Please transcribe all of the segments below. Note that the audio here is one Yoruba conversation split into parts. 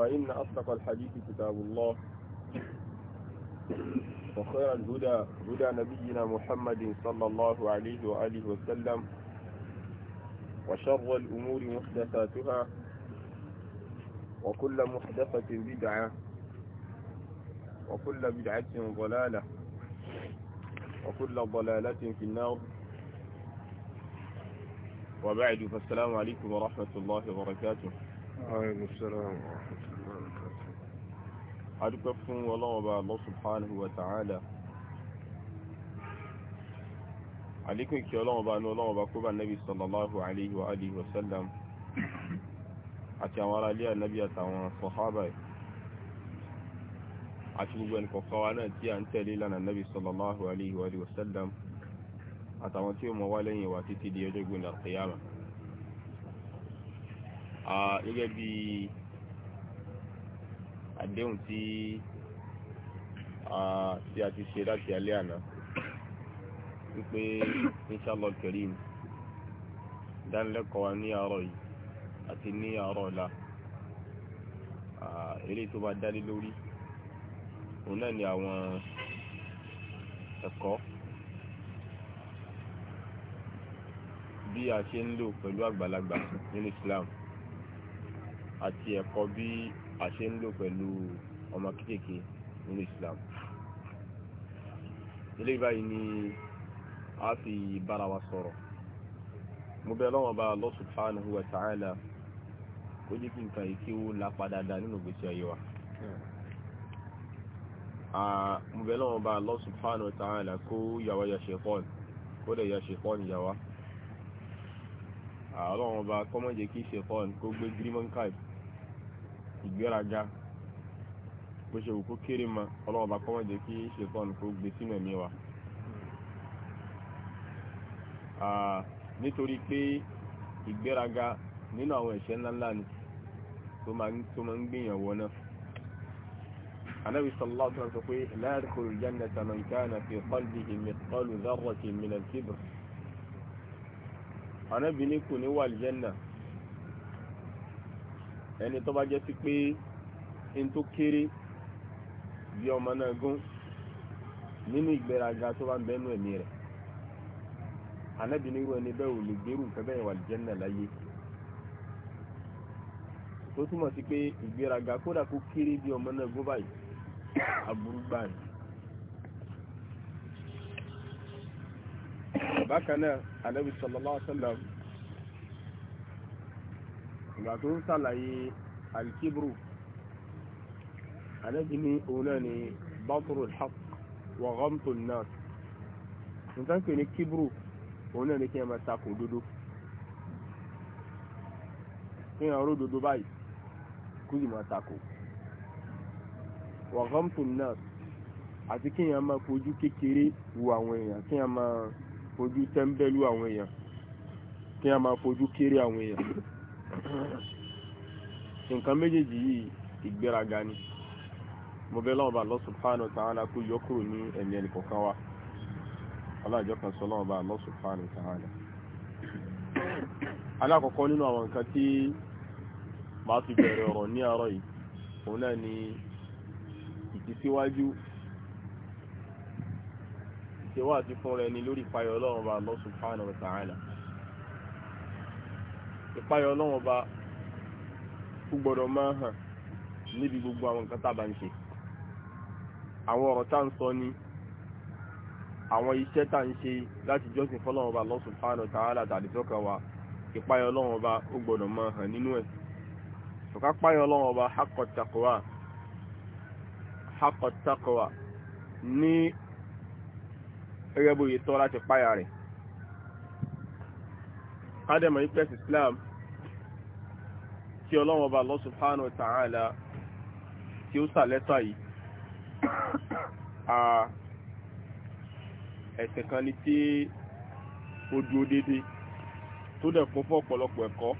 فإن أصدق الحديث كتاب الله وخير الهدى هدى نبينا محمد صلى الله عليه وآله وسلم وشر الأمور محدثاتها وكل محدثة بدعة وكل بدعة ضلالة وكل ضلالة في النار وبعد فالسلام عليكم ورحمة الله وبركاته وعليكم السلام ورحمة الله adúpẹ́ fún ọlọ́ọ̀bá Allah subhanahu wa ta'ala àlékún kí ọlọ́ọ̀bá ní ọlọ́ọ̀bá kó bá nabi sallallahu alaihi wa alihi wa sallam àti àwọn ará ilé ànábì àtàwọn sọ̀hábà àti gbogbo ẹnì kọ̀ọ̀kan náà tí a ń tẹ̀lé lánà nabi àdéhùn tí a ti ṣe láti alẹ́ àná wípé inshallah karim dánilẹ́kọ̀ọ́ wa ní àárọ̀ yìí àti ní àárọ̀ ọ̀la eré tó bá dálé lórí òun náà ni àwọn ẹ̀kọ́ bí a ṣe ń lò pẹ̀lú àgbàlagbà nínú Islam àti ẹ̀kọ́ bí a ṣe ń lò pẹ̀lú ọmọ kéékèèké nínú Islam ilé báyìí ni a fi bára wa sọ̀rọ̀ mo bẹ̀ lọ́wọ́ bá Allah subhanahu wa ta'ala kó jẹ́ kí nǹkan ìkí ó lápa dáadáa nínú ìgbésí ayé wa mo bẹ̀ lọ́wọ́ bá Allah subhanahu Huwa ta'ala kó yàwá ya ṣẹ̀fọ́n kó dẹ̀ ya ṣẹ̀fọ́n yàwá ọlọ́wọ́ bá kọ́mọ̀ jẹ́ kí ṣẹ̀fọ́n kó gbé gírímọ̀ káìpù ìgbéraga bó ṣe wù kó kéré ma ọlọ́wọ́ bá kọ́ wọ́n jẹ́ kí ṣètọ́nù kó gbé sínú ẹ̀mí wa. nítorí pé ìgbéraga nínú àwọn ẹ̀ṣẹ̀ ńláńlá ni tó máa ń gbìyànwó náà. النبي صلى الله عليه وسلم يقول لا يدخل الجنة من كان في قلبه مثقال ذرة من الكبر أنا بنيكو نوى الجنة ẹni tó bá jẹ́ sí pé n tó kéré bí ọmọ náà gún nínú ìgbéraga tó bá ń bẹ́nu ẹ̀mí rẹ̀ Ànábì nírú ẹni bẹ́ẹ̀ ò lè gbèrú nǹkan bẹ́ẹ̀ wà lìjẹ́nà láyé tó túmọ̀ sí pé ìgbéraga kódà kó kéré bí ọmọ náà gún báyìí aburú gbà ní. bákan náà Ànábì sallallahu alaihi wasallam ìgbà tó ń sàlàyé alkibru anábi ní òun náà ni bátúrù alhaq wa ghamtu an-nas nǹkan pè ní kíbrù òun náà ni kí ẹ máa takò dodo kí ẹ ró dodo báyìí kú sì máa takò wa ghamtu an-nas àti kí ẹ máa fojú kékeré wo àwọn èèyàn kí ẹ máa fojú tẹ́ńbẹ́lú àwọn èèyàn kí ẹ máa fojú kéré àwọn èèyàn nǹkan méjèèjì yìí ìgbéraga ni mo bẹ̀ lọ́wọ́ bá Allah subhanahu wa ta'ala kó yọ kúrò ní ẹ̀mí ẹnìkọ̀ọ̀kan wa ọlọ́jọ́ kan sọ lọ́wọ́ bá Allah subhanahu wa ta'ala. alákọ̀ọ́kọ́ nínú àwọn nǹkan tí màá fi bẹ̀rẹ̀ ọ̀rọ̀ ní àárọ̀ yìí òun náà ni ìtìsíwájú ìṣèwádìí fúnra ẹni lórí ìpayọ̀ ọlọ́run bá Allah subhanahu wa ta'ala ìpayọ̀ ọlọ́run ọba ó gbọ́dọ̀ máa hàn níbi gbogbo àwọn nǹkan tá a bá ń ṣe àwọn ọ̀rọ̀ tá à ń sọ ni àwọn iṣẹ́ tá à ń ṣe láti jọ́sìn fọ́lọ́run ọba Allah subhanahu wa ta'ala tàdífọ́kà wa ìpayọ̀ ọlọ́run ọba ó gbọ́dọ̀ máa hàn nínú ẹ̀ ṣùkà páyọ̀ ọlọ́run ọba haqqa taqwa haqqa taqwa ní ẹgbẹ́ bóyá tọ́ láti páyà rẹ̀ kádẹ́mọ̀ ìpẹ́sì Islam kí ọlọ́run ọba Allah subhanahu wa ta'ala tí ó sà lẹ́tà yìí ẹ̀sìn kan ni tí ó dúró dédé tó dẹ̀ kún fún ọ̀pọ̀lọpọ̀ ẹ̀kọ́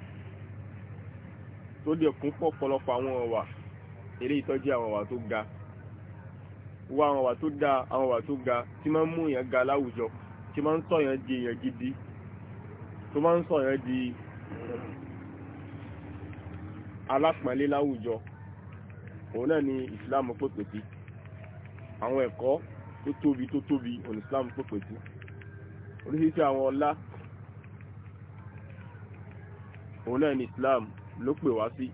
tó dẹ̀ kún fún ọ̀pọ̀lọpọ̀ àwọn ọ̀wà eléyìí tó jẹ́ àwọn ọ̀wà tó ga wá àwọn ọ̀wà tó da àwọn ọ̀wà tó ga tí máa ń mú èèyàn ga láwùjọ tí máa ń sọ̀yàn di èèyàn gidi tó máa ń sọ̀yàn di alápọ̀nlé láwùjọ òun náà ni islam pèpè sí àwọn ẹ̀kọ́ tó tóbi tó tóbi òun islam pèpè sí oríṣiríṣi àwọn ọlá òun náà ni islam ló pè wá sí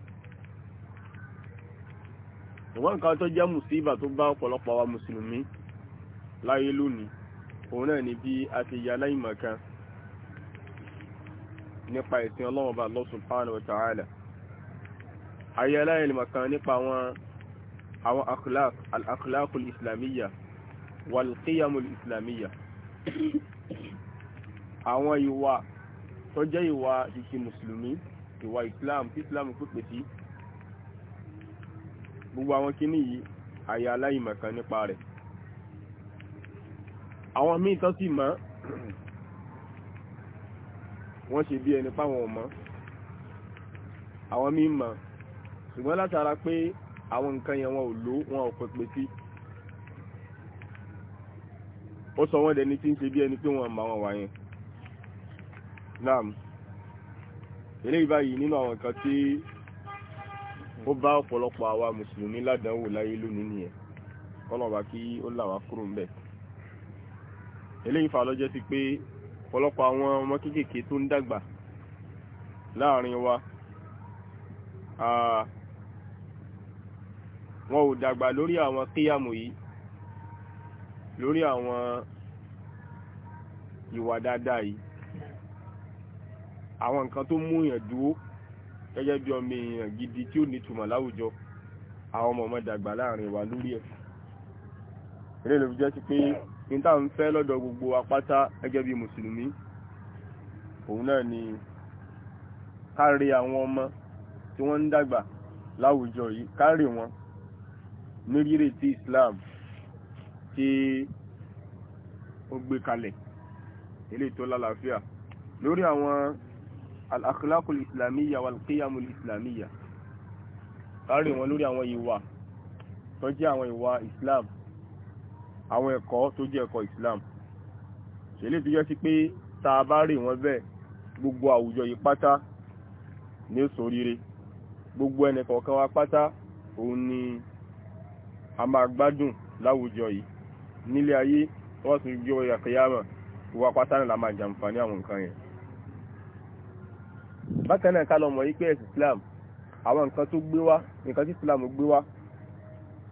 ìwọ́n nǹkan tó jẹ́ mùsíbà tó bá ọ̀pọ̀lọpọ̀ wa mùsùlùmí láyé lónìí òun náà ni bí a ti ya láìmọ̀kan nípa ìsìn ọlọ́run bá Allah subhanahu wa ta'ala ayé aláìlmọ̀ kan nípa àwọn akhlaq al-akhlaqul islamiyya wal-qiyamul islamiyya àwọn ìwà tó jẹ́ ìwà ìṣe mùsùlùmí ìwà islam tí islam pípè sí gbogbo àwọn kíní yìí ayé aláìmọ̀ kan nípa rẹ̀ àwọn míì tó sì mọ̀ wọ́n ṣe bí ẹni páwọn ọmọ àwọn míì mọ̀ ṣùgbọ́n látara pé àwọn nǹkan yẹn wọn ò lò wọn ò pẹ̀pẹ̀ sí ó sọ wọ́n dẹni tí ń ṣe bí ẹni pé wọ́n mọ àwọn wà yẹn naam eléyìí báyìí nínú àwọn nǹkan tí ó bá ọ̀pọ̀lọpọ̀ àwa mùsùlùmí ládàáwò láyé lónìí nìyẹn kọ́lọ̀bà kí ó là wá kúrò ńbẹ̀ eléyìí fà lọ́jọ́ sí pé ọ̀pọ̀lọpọ̀ àwọn ọmọ kéékèèké tó ń dàgbà láàrin wa wọn ò dàgbà lórí àwọn kíyàmù yìí lórí àwọn ìwà dáadáa yìí àwọn nǹkan tó mú yàn dúró gẹ́gẹ́ bí ọmọ èèyàn gidi tí ó nítumọ̀ láwùjọ àwọn ọmọ ọmọ dàgbà láàrin wa lórí ẹ̀ eré ló fi jẹ́ sí pé ní táà ń fẹ́ lọ́dọ̀ gbogbo apáta gẹ́gẹ́ bí mùsùlùmí òun náà ni kárí àwọn ọmọ tí wọ́n ń dàgbà láwùjọ yìí kárí wọn lóríire tí Islam tí ó gbé kalẹ̀ ilé tó lálàáfíà lórí àwọn al-akhlaqul islamiyya wal-qiyamul islamiyya kárí wọn lórí àwọn ìwà tó jẹ́ àwọn ìwà Islam àwọn ẹ̀kọ́ tó jẹ́ ẹ̀kọ́ Islam ṣẹlẹ̀ tó jẹ́ sí pé tá a bá rí wọn bẹ́ẹ̀ gbogbo àwùjọ yìí pátá ní ó gbogbo ẹnìkọ̀ọ̀kan wa pátá òun ni a máa gbádùn láwùjọ yìí nílé ayé wọ́n sì gbé ọyà kìyàmọ̀ ìwà pátá náà la máa jàǹfààní àwọn nǹkan yẹn bákan náà ká lọ mọ̀ wípé ẹ̀sìn Islam àwọn nǹkan tó gbé wá nǹkan tí Islam gbé wá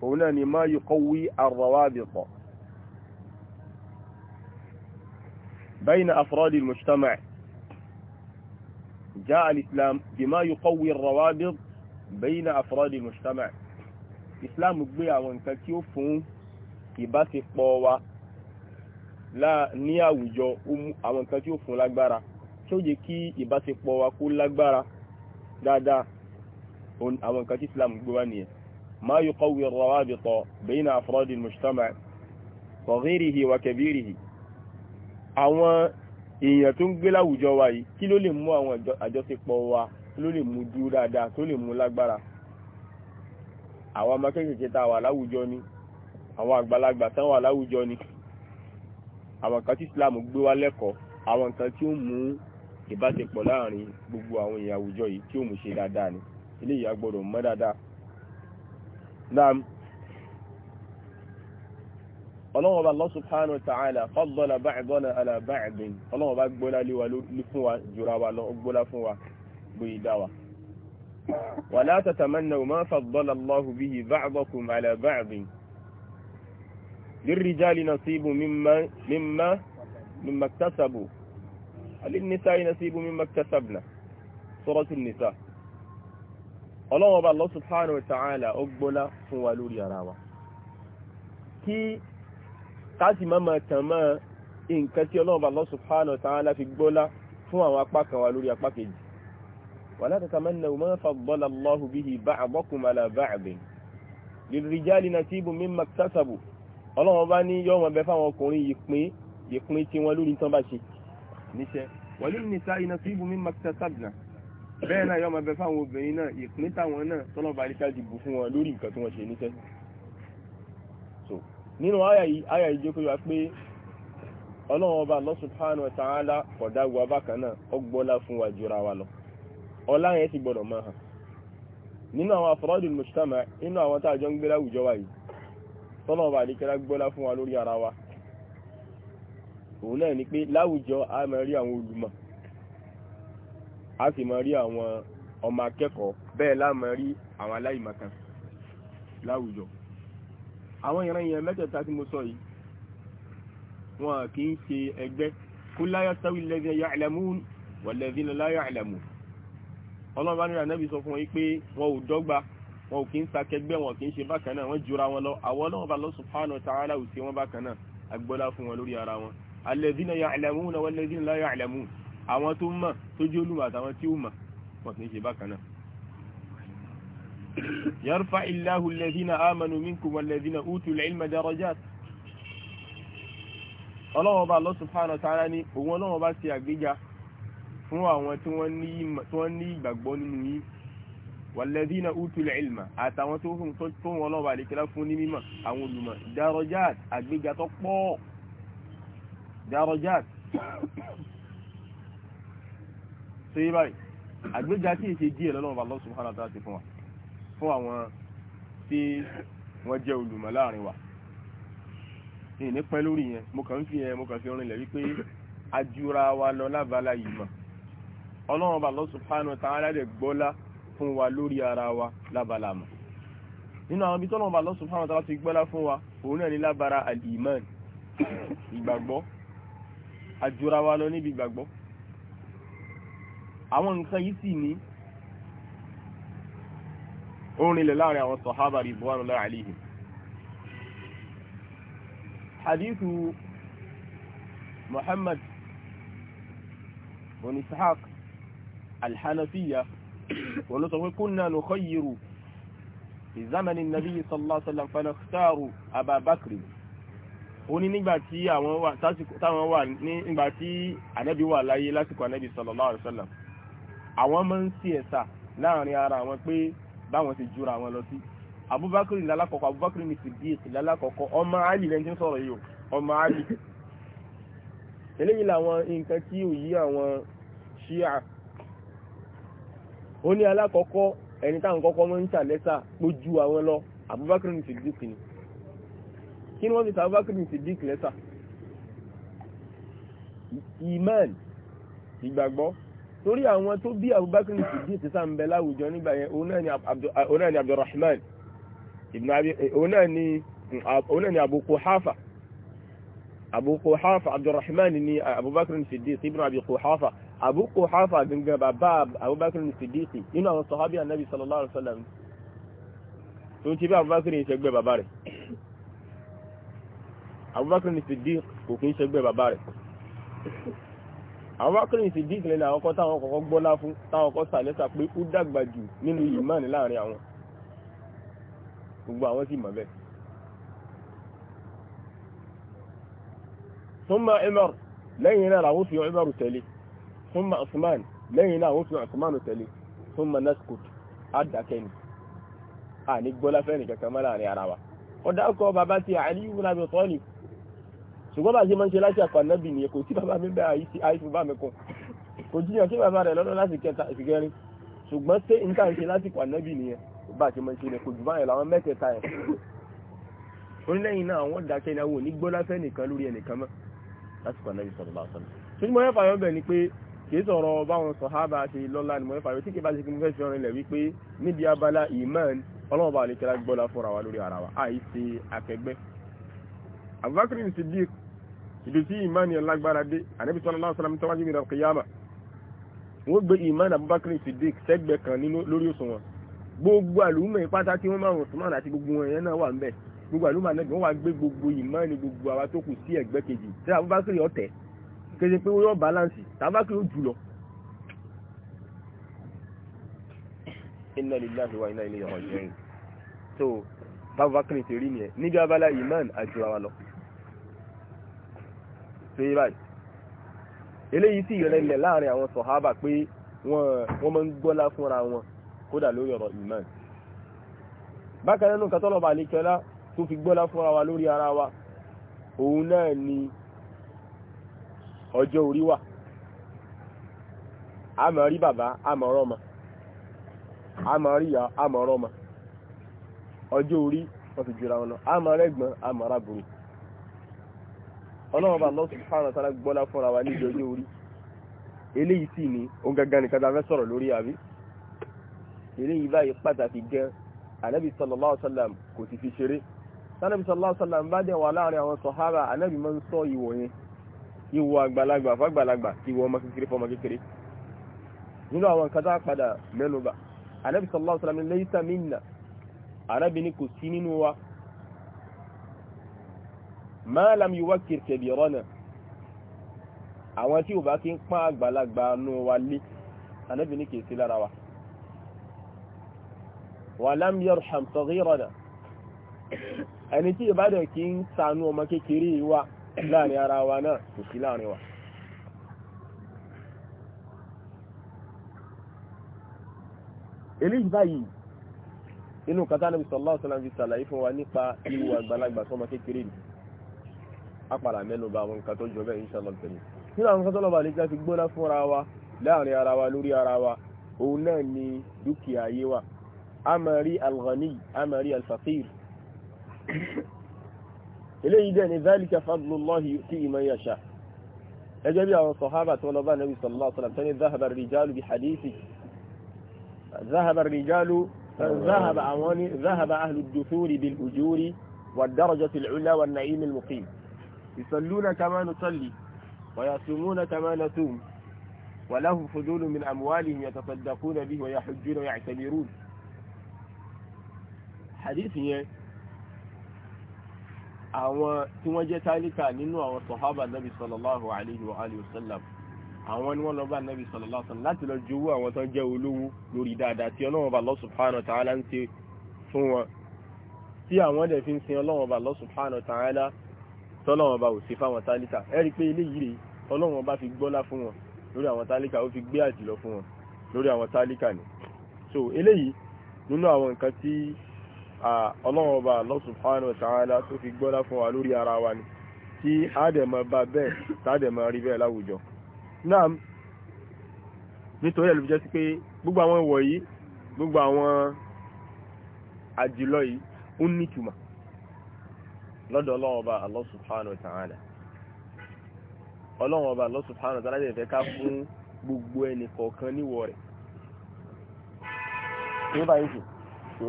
òun náà ni ma yuqawwi ar-rawabit bayna afradi al-mujtama' جاء الإسلام بما يقوي الروابط بين أفراد المجتمع islam gbé àwọn nǹkan tí ó fún ìbáṣepọ̀ wa ní àwùjọ àwọn nǹkan tí ó fún lágbára tí ó yẹ kí ìbáṣepọ̀ wa kó lágbára dáadáa àwọn nǹkan tí islam gbé wá nìyẹn ما يقوي الروابط بين أفراد المجتمع صغيره وكبيره àwọn èèyàn tó ń gbé láwùjọ wa yìí kí ló lè mú àwọn àjọṣepọ̀ wa kí ló lè mú dúró dáadáa tó lè mú lágbára àwọn ọmọ kéékèèké tá wà láwùjọ ni àwọn àgbàlagbà tán wà láwùjọ ni àwọn kan tí Islam gbé wá lẹ́kọ̀ọ́ àwọn kan tí ó mú ìbáṣepọ̀ láàrin gbogbo àwọn èèyàn àwùjọ yìí tí ó mú ṣe dáadáa ni eléyìí a gbọ́dọ̀ dáadáa naam ọlọ́wọ́ bá Allah subhanahu wa ta'ala faddala ba'dana ala ba'din ọlọ́wọ́ bá gbọ́lá lé fún wa jùra wa lọ gbọ́lá fún wa gbé ìdá wa ولا تتمنوا ما فضل الله به بعضكم على بعض للرجال نصيب مما مما مما اكتسبوا وللنساء نصيب مما اكتسبنا سورة النساء ọlọ́wọ́ bá Allah subhanahu wa ta'ala ó gbọ́lá fún wa lórí ara wa kí káàkì máa máa tàn máa nǹkan tí ọlọ́wọ́ bá Allah subhanahu wa ta'ala fi gbọ́lá fún àwọn apá kan wa lórí apá kejì ولا تتمنوا ما فضل الله به بعضكم على بعض للرجال نصيب مما اكتسبوا ọlọ́run bá ní yọ́ wọn bẹ fáwọn ọkùnrin ìpín ìpín tí wọn lórí tán bá ṣe níṣẹ́ wọlé ní sáyé náà síbù mímọ̀ tẹ́sàbìnà bẹ́ẹ̀ náà yọ́ wọn bẹ fáwọn obìnrin náà ìpín táwọn náà tọ́lọ́ba àríṣáájú bù fún wọn lórí nǹkan tí wọ́n ṣe níṣẹ́ so nínú àyà yìí àyà yìí jókòó wa pé ọlọ́run ọba subhanahu wa ta'ala kọ̀dá wa bákan náà ọgbọ́lá fún wa jura wa lọ ọlá yẹn ti gbọ́dọ̀ máa hàn nínú àwọn afọ́rọ́dù mùsùlùmá inú àwọn tá àjọ ń gbé láwùjọ wa yìí tọ́nà ọba àdíkẹ́lá gbọ́lá fún wa lórí ara wa òun náà ni pé láwùjọ a máa rí àwọn olùmọ̀ a sì máa rí àwọn ọmọ akẹ́kọ̀ọ́ bẹ́ẹ̀ la máa rí àwọn aláìmọ̀kan láwùjọ àwọn ìran mẹ́tẹ̀ẹ̀ta tí mo sọ yìí wọn kì í ṣe ẹgbẹ́ kul la yastawi alladhina ya'lamun ọlọ́run bá ní ànábì sọ fún wọn pé wọn ò dọ́gba wọn ò kí ń sakẹgbẹ́ wọn kì í ṣe bákan náà wọ́n jura wọn lọ àwọn ọlọ́run bá lọ subhanahu wa ta'ala ò sí wọn bákan náà agbọ́lá fún wọn lórí ara wọn alladhina ya'lamuna walladhina la ya'lamun àwọn tó mọ̀ tó jẹ́ olùmọ̀ àtàwọn tí ó mọ̀ wọn kì í ṣe bákan náà. yarfa illahu alladhina amanu minkum walladhina utul ilma darajat ọlọ́run bá lọ ní òun ọlọ́run bá ṣe àgbéga fún àwọn tí wọ́n ní ìgbàgbọ́ nínú yín walladhina utul ilma àtàwọn tó fún tó wọn lọ́wọ́ àdékẹ́lá fún ní mímọ̀ àwọn olùmọ̀ darajat àgbéga tó pọ̀ darajat tó yí báyìí àgbéga tí èsì díẹ̀ lọ́wọ́ Allah subhanahu wa ta'ala ti fún wa fún àwọn tí lọ lábala yìí ọlọ́run ọba Allah subhanahu wa ta'ala dẹ̀ gbọ́lá fún wa lórí ara wa lábalamọ̀ nínú àwọn ibi tọ́lọ́run ọba Allah subhanahu wa ta'ala ti gbọ́lá fún wa òun náà ní lábara al ìgbàgbọ́ àjùra wa lọ níbi ìgbàgbọ́ àwọn nǹkan yìí sì ní orinlẹ̀ láàrin àwọn sọ̀hábà ridwanullahi alaihim hadithu Muhammad bin Ishaq alhanafiya wọn ló sọ pé kúnnà ló kọ́ yìí rù ìzámẹ́ni nàbí sallallahu alaihi wasallam fanakhtaru ababakri ó ní nígbà tí àwọn wà nígbà tí ànábì wà láyé lásìkò ànábì sallallahu alaihi wasallam àwọn máa ń sí ẹ̀sà láàrin ara àwọn pé báwọn ti jura àwọn lọ sí abubakar lalakọ̀kọ́ abubakar ní sidiq lalakọ̀kọ́ ọmọ ali lẹ́ni tí ń sọ̀rọ̀ yìí ọmọ ali eléyìí làwọn nǹkan tí ò yí àwọn ṣíà ó ní alákọ̀ọ́kọ́ ẹni táwọn kọ́kọ́ mọ́ ń ṣàlẹ́sà ló ju àwọn lọ Abubakar ní Siddiq ni kí ni wọ́n fi Abubakar ní Siddiq lẹ́sà iman ìgbàgbọ́ torí àwọn tó bí Abubakar ní Siddiq ti sáà ń bẹ láwùjọ nígbà yẹn òun náà ni Abdulrahman òun náà ni Abu Quhafa Abu ni Abubakar ní Siddiq ibn Abi Quhafa Abu Quhafa gangan bàbá Abubakar Siddiqi inú àwọn sọ̀hábí Ànábì sallallahu alaihi wasallam tó ń ti bí Abubakar ìṣẹ́gbẹ́ bàbá rẹ̀ Abubakar Siddiqi kò kí ń ṣẹ́gbẹ́ bàbá rẹ̀ Abubakar Siddiqi lẹ́nà àwọn kọ́ táwọn kọ́kọ́ gbọ́lá fún táwọn kọ́ sàlẹ́sà pé ó dàgbà jù nínú ìmánì láàrin àwọn gbogbo àwọn sì mọ̀ bẹ́ẹ̀ thumma Umar lẹ́yìn náà làwọn fi Umar tẹ̀lé súnmọ̀ Usman lẹ́yìn náà wọ́n fi Usman tẹ̀lé súnmọ̀ nascot adakẹ́ni a ní gbọ́lá fẹ́ni kankan mọ́ láàrin ara wa ó dákọ̀ bàbá ti Ali ibn Abi Talib ṣùgbọ́n bá ṣe máa ń ṣe láti àpò ànábì nìyẹn kò sí bàbá mi bẹ́ẹ̀ àìsùn bá mi kún kò jiyàn sí bàbá rẹ̀ lọ́dọ̀ láti kẹta ìṣìkẹrin ṣùgbọ́n ṣé n tà ń ṣe lásìkò ànábì nìyẹn bá ṣe máa ń ṣe lẹ̀ kò jù báyìí làwọn mẹ́tẹ̀ẹ̀ta yẹn onílẹ́yìn náà àwọn dákẹ́ ní àwọn onígbọ́lá fẹ́ nìkan kì í sọ̀rọ̀ báwọn sọ̀hábà ṣe lọ́lá ni mo fà tí kì bá ṣe kí mo fẹ́ fi ọrin lẹ̀ wípé níbi abala iman ọlọ́ọ̀bà àlekẹ́lá gbọ́lá fúnra wa lórí ara wa àìsí akẹgbẹ́ Abubakar Siddiq ibi tí iman yẹn lágbára dé ànábi sallallahu alaihi wasallam tọ́wájú ìrìn àkìyàmà wọ́n gbé iman Abubakar Siddiq sẹ́gbẹ̀ kan lórí òṣùwọ̀n gbogbo àlùmọ̀ ìpátá tí wọ́n máa rùn súnmọ́ àti gbogbo kéde pé wọ́n balance tàbákì ó jùlọ inna lillahi wa inna ilayhi raji'un so babakiri ti rí nìyẹn níbi abala iman àjùra wa lọ so yí báyìí eléyìí sì rẹ ilẹ̀ láàrin àwọn sọ̀hábà pé wọ́n máa ń gbọ́lá fúnra wọn kódà lórí ọ̀rọ̀ iman bákan nínú katọ́lọ́ba àlekẹ́lá tó fi gbọ́lá fúnra wa lórí ara wa òun náà ni ọjọ́ orí wà a máa rí bàbá a máa rọ́mọ a máa rí ìyá a máa rọ́mọ ọjọ́ orí wọ́n fi jura wọn a máa rẹ́gbọ́n a máa rábùrù ọlọ́run bá lọ́sùn fáwọn sára gbọ́lá fúnra wa níbi ọjọ́ orí eléyìí sì ni ó gangan nìkan tá a fẹ́ sọ̀rọ̀ lórí àbí eléyìí báyìí pàtàkì gan anabi sallallahu alaihi wasallam kò sì fi ṣeré sanabi sallallahu alaihi wasallam bá dẹ̀ wà láàrin àwọn sọ̀hábà anabi máa ń sọ ìwọ̀ yẹn ìwọ àgbàlagbà fàgbàlagbà ìwọ ọmọ kékeré fọmọ kékeré nínú àwọn nǹkan tá a padà mẹ́nubà anábì sallallahu alaihi wasallam laysa minna anábì ní kò sí nínú wa ma lam yuwakkir kabirana àwọn tí ò bá kí ń pán àgbàlagbà nú wa lé anábì ní kì í sí lára wa wa lam yarham saghirana ẹni tí ìbádẹ̀ kí ń ṣàánú ọmọ kékeré wa láàrin ara wa náà kò sí láàrin wa eléyìí báyìí inú kata níbi sallallahu alaihi wasallam fi sàlàyé fún wa nípa ìwò àgbàlagbà sọmọ kékeré ni apàdà mẹ́nubà àwọn nǹkan tó jọ bẹ́ẹ̀ inshallah tẹ̀lé nínú àwọn nǹkan tó lọ́ba àlejò fi gbóná fúnra wa láàrin ara wa lórí ara wa òun náà ni dúkìá ayé wa amari alghani amari alfaqir eléyìí dẹ̀ ni zálìkà fadlullahi yu'tihi man yasha ẹjẹ́ bí àwọn sọ̀hábà tó lọ́bá nàbí sallallahu alaihi wasallam tó ní záhàbà rìjálù bí hadithi záhàbà rìjálù záhàbà àwọn ní záhàbà ahlu dùfúri bil ujúri wà dárọjọ́ til ula wà na'im al muqim yusalluna kama nusalli wa yasumuna kama nasum wa lahum fudulun min amwalihim yatasaddaquna bihi wa yahujjuna wa ya'tamirun hadith yẹn àwọn tí wọ́n jẹ́ tálíkà nínú àwọn sọ̀hábà nàbì sallallahu alayhi wa alihi wa sallam àwọn ni wọ́n lọ bá nàbì sallallahu alayhi wa sallam láti lọ jowó àwọn tó ń jẹ́ olówó lórí dáadáa tí ọlọ́wọ́n bá Allah subhanahu wa ta'ala ń ṣe fún wọn tí àwọn dẹ̀ fi ń sin ọlọ́wọ́n bá Allah subhanahu ọlọ́run ọba Allah subhanahu wa ta'ala tó fi gbọ́lá fún wa lórí ara wa ni tí àdẹ̀mọ̀ bá bẹ́ẹ̀ tàdẹ̀mọ̀ rí bẹ́ẹ̀ láwùjọ náà nítorí ẹ̀lú jẹ́ sí pé gbogbo àwọn ìwọ̀ yìí gbogbo àwọn àjùlọ yìí ó nítumọ̀ lọ́dọ̀ ọlọ́run ọba Allah subhanahu ta'ala ọlọ́run ọba Allah subhanahu wa ta'ala dẹ̀ fẹ́ ká fún gbogbo ẹnì kọ̀ọ̀kan níwọ̀ rẹ̀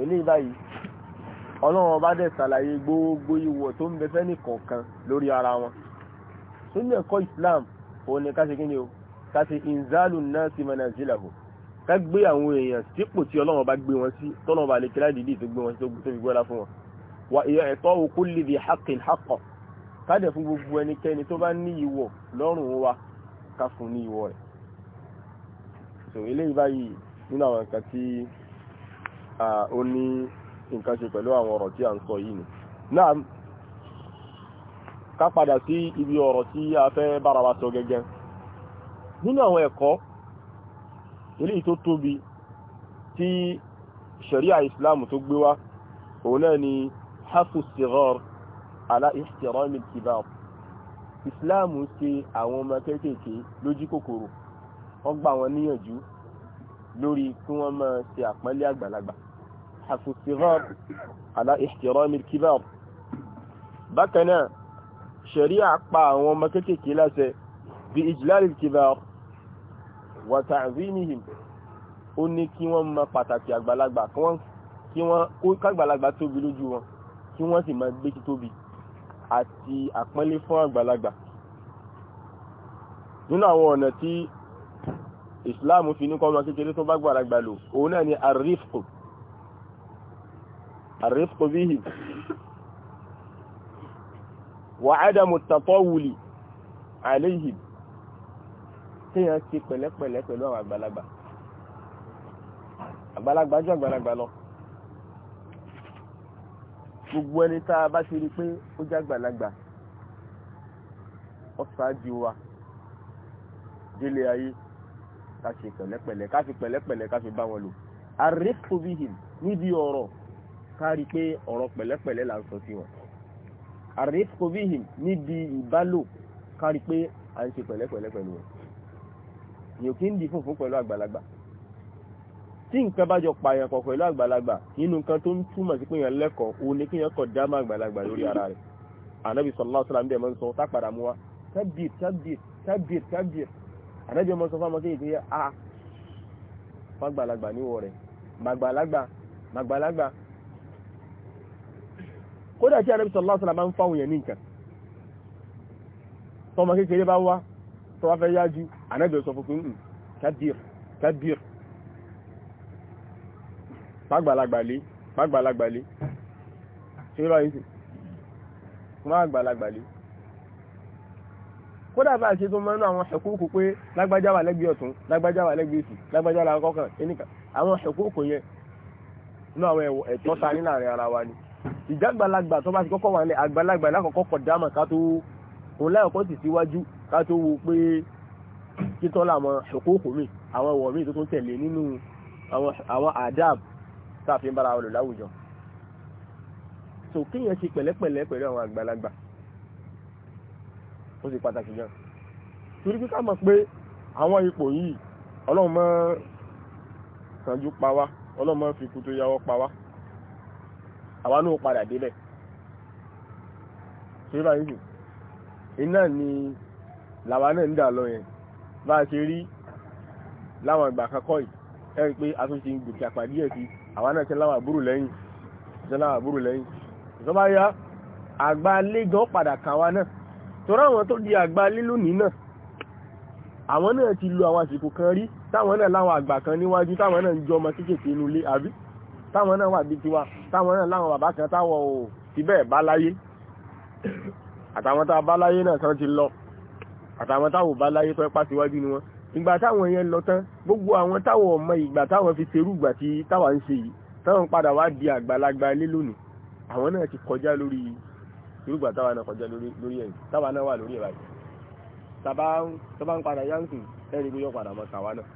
ní báyìí ọlọ́run ọba dẹ̀ ṣàlàyé gbogbo ìwọ̀ tó ń bẹ fẹ́ nìkọ̀ọ̀kan lórí ara wọn sínú ẹ̀kọ́ Islam òun ni ká ṣe kí ni o ká ṣe inzalu nasi manazilahu ká gbé àwọn èèyàn sípò tí ọlọ́run ọba gbé wọn sí tọ́nà ọba lè kíláàdì dì tó gbé wọn sí tó fi gbọ́lá fún wọn wa i'ta'u kulli dhi haqqin haqqahu ká dẹ̀ fún gbogbo ẹnikẹ́ni tó bá ní ìwọ̀ lọ́rùn wa ká fún ní ìwọ̀ rẹ̀ so eléyìí báyìí nínú àwọn nǹkan tí ó ní nǹkan ṣe pẹ̀lú àwọn ọ̀rọ̀ tí a ń sọ yìí ni náà ká padà sí ibi ọ̀rọ̀ tí a fẹ́ bára wa sọ gẹ́gẹ́ nínú àwọn ẹ̀kọ́ eléyìí tó tóbi tí sharia islam tó gbé wá òun náà ni hafu sigar ala ihtirami kibar islam ṣe àwọn ọmọ kéékèèké lójú kòkòrò wọ́n gbà wọ́n níyànjú lórí kí wọ́n máa ṣe àpọ́nlé àgbàlagbà حث الصغار على احترام الكبار bákan náà sharia pa àwọn ọmọ kéékèèké láṣẹ bí ijlal al-kibar wa ta'zimihim ó ní kí wọ́n mọ pàtàkì àgbàlagbà kí wọ́n kágbàlagbà tóbi lójú wọn kí wọ́n sì máa gbé títóbi àti àpọ́nlé fún àgbàlagbà nínú àwọn ọ̀nà tí islam fi ní kọ́ ọmọ kékeré tó bá gbàlagbà lò òun náà ni arifqu الرفق بهم وعدم التطاول عليهم téèyàn ṣe pẹ̀lẹ́pẹ̀lẹ́ pẹ̀lú àwọn àgbàlagbà àgbàlagbà jù àgbàlagbà lọ gbogbo ẹni tá a bá ṣe rí pé ó jẹ́ àgbàlagbà ó ṣáájú wa délé ayé ká ṣe pẹ̀lẹ́pẹ̀lẹ́ ká fi pẹ̀lẹ́pẹ̀lẹ́ ká fi bá wọn lò àrífòbíhìn níbi ọ̀rọ̀ kárí pé ọ̀rọ̀ pẹ̀lẹ́pẹ̀lẹ́ là ń sọ sí wọn àrífò bíhìm níbi ìbálò kárí pé à ń ṣe pẹ̀lẹ́pẹ̀lẹ́ pẹ̀lú wọn yóò kí ń di fúnfún pẹ̀lú àgbàlagbà tí nǹkan bá jọ pààyàn pọ̀ pẹ̀lú àgbàlagbà nínú nǹkan tó ń túmọ̀ sí pé èèyàn lẹ́kọ̀ọ́ òun ni kí èèyàn kọ̀ dámà àgbàlagbà lórí ara rẹ̀ ànábì sallallahu alaihi a fàgbàlagbà níwọ̀ rẹ̀ màgbàlagbà màgbàlagbà kódà tí anábì sallallahu alaihi wasallam máa ń fáwọn yẹn ní nǹkan tọmọ kékeré bá wá tó wá fẹ́ yájú anábì sọ fún un mm, kabir kabir pàgbàlagbàlé pàgbàlagbàlé ṣe rọ yìí fún àgbàlagbàlé kódà bá ṣe tó mọ́nú àwọn ṣẹ̀kúkù pé lágbájá wà lẹ́gbẹ̀ẹ́ ọ̀tún lágbájá wà ìjágbàlagbà tó bá ti kọ́kọ́ wà nílẹ̀ àgbàlagbà lákọ̀ọ́kọ́ kọ̀ dáàmà ká tó òun láyọ̀kọ́ sì síwájú ká tó wo pé títọ́ làwọn ṣòkóòkò mi àwọn ọ̀wọ̀ mi tó tún tẹ̀lé nínú àwọn àdáàb táàfin bára wọn lò láwùjọ so kéèyàn ṣe pẹ̀lẹ́pẹ̀lẹ́ pẹ̀lú àwọn àgbàlagbà ó sì pàtàkì gan torí pé ká mọ̀ pé àwọn ipò yìí ọlọ́run mọ́ kánjú pa wá ọlọ́run mọ́ fi kú tó yáwọ́ pa wá àwa náà padà débẹ̀ ṣe bá yìí iná ni làwa náà ń dà lọ yẹn bá a ṣe rí láwọn ìgbà kankọ́ yìí ẹ rí pé atúnṣe ń gòkè àpàdé ẹ̀ sí àwa náà ṣe láwọn àbúrò lẹ́yìn ṣe láwọn àbúrò lẹ́yìn ìjọba ya àgbà alé gan padà kàn wá náà torí àwọn tó di àgbà alé lónìí náà àwọn náà ti lo àwọn àsìkò kan rí táwọn náà láwọn àgbà kan níwájú táwọn náà ń jọ ọmọ kéékèèké inú àbí táwọn náà wà bí tiwa táwọn náà láwọn bàbá kan táwọn ò fi bẹ́ẹ̀ bá láyé àtàwọn táwọn bá láyé náà tán ti lọ àtàwọn táwọn bá láyé tó ẹ pàṣíwájú ni wọn ìgbà táwọn yẹn lọ tán gbogbo àwọn táwọn ọmọ ìgbà táwọn fi ṣerú ìgbà tí táwa ń ṣe yìí táwọn padà wá di àgbàlagbà ilé lónìí àwọn náà ti kọjá lórí irúgbà táwa náà kọjá lórí ẹ̀ táwa náà wà lórí ẹ̀ báyìí tàbá tọ́bá ń padà yáǹsì ẹ̀rí gbé yọ padà mọ́ tàwa náà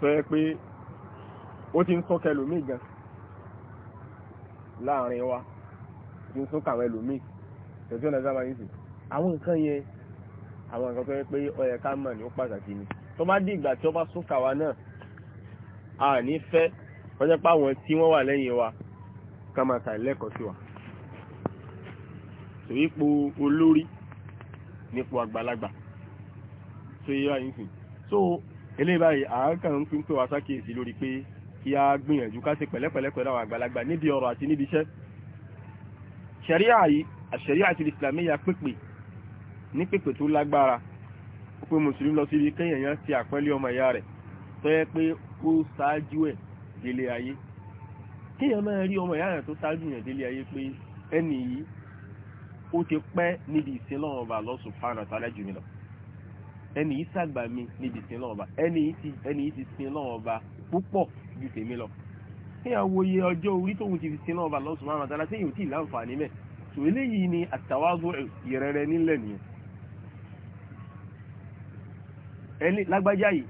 tó yẹ pé ó ti ń sún kẹlòmí gan láàrin wa ti ń sún kàwọn ẹlòmí tẹ̀sí ọ̀nà sábà yìí sì àwọn nǹkan yẹn àwọn nǹkan tó yẹ pé ó ká mọ̀ ní ó pàtàkì ni tó bá di ìgbà tí ó bá sún kàwa náà a ní fẹ́ wọ́n pé àwọn tí wọ́n wà lẹ́yìn wa ká máa tà lẹ́kọ̀ọ́ sí wa so ipò olórí nípò àgbàlagbà so yíyá yìí sì so eléyìí báyìí àákàn ń pín pé wa sákèésí lórí pé kí a gbìyànjú ká ṣe pẹ̀lẹ́pẹ̀lẹ́ pẹ̀lú àwọn àgbàlagbà níbi ọ̀rọ̀ àti níbi iṣẹ́ ṣẹ̀ríà yìí àṣẹ̀ríà àti ìsìlámíyà pèpè ní pèpè tó lágbára ó pé mùsùlùmí lọ síbi kéèyàn yẹn ti àpẹ́lé ọmọ ìyá rẹ̀ tó yẹ pé ó ṣáájú ẹ̀ délé ayé kéèyàn máa rí ọmọ ìyá rẹ̀ tó ṣáájú yẹn délé ayé pé ẹnì yìí ó ti pẹ́ níbi ìsìn lọ́wọ́ ọba Allah subhanahu wa jù mí lọ ẹnì yìí ṣàgbà mi níbi ìsìn lọ́wọ́ ọba ẹnì yìí ti sin lọ́wọ́ ọba púpọ̀ ju tèmi lọ kéèyàn wo iye ọjọ́ orí tóun ti fi sin náà Allah subhanahu wa ta'ala séyìn ò tí ì láǹfààní mẹ́ tò eléyìí ni àtàwázù ìrẹ̀rẹ̀ nílẹ̀ nìyẹn ẹni lágbájá yìí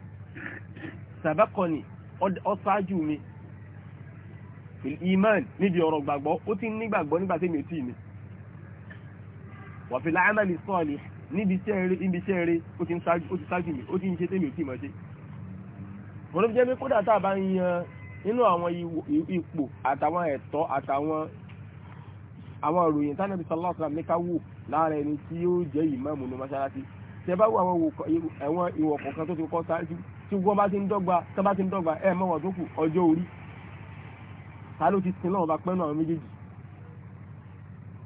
sàbákọ́ni ọ̀ṣáájú mi iman níbi ọ̀rọ̀ gbàgbọ́ ó ti ní gbàgbọ́ nígbà tí mi ò tí ì ní wa fil níbi iṣẹ́ eré ó ti ṣáájú mi ó ti ń ṣe tẹ́mi ò tí ì ṣe wọn ló fi jẹ́ pé kódà tá a bá ń yan nínú àwọn ipò àtàwọn ẹ̀tọ́ àtàwọn àwọn ìròyìn tánàbí sallallahu alaihi wasallam ní ká wò lára ẹni tí ó jẹ́ ìmáàmù ní mọ́ṣáláṣí tẹ bá wo àwọn ẹ̀wọ̀n ìwọ̀ kọ̀ọ̀kan tó ti kọ́ sáájú tí wọ́n bá ti ń dọ́gba tán bá ti ń dọ́gba ẹ̀ mọ́wọ́ tó kù ọjọ́ orí ta ti sin náà bá pẹ́ náà méjèèjì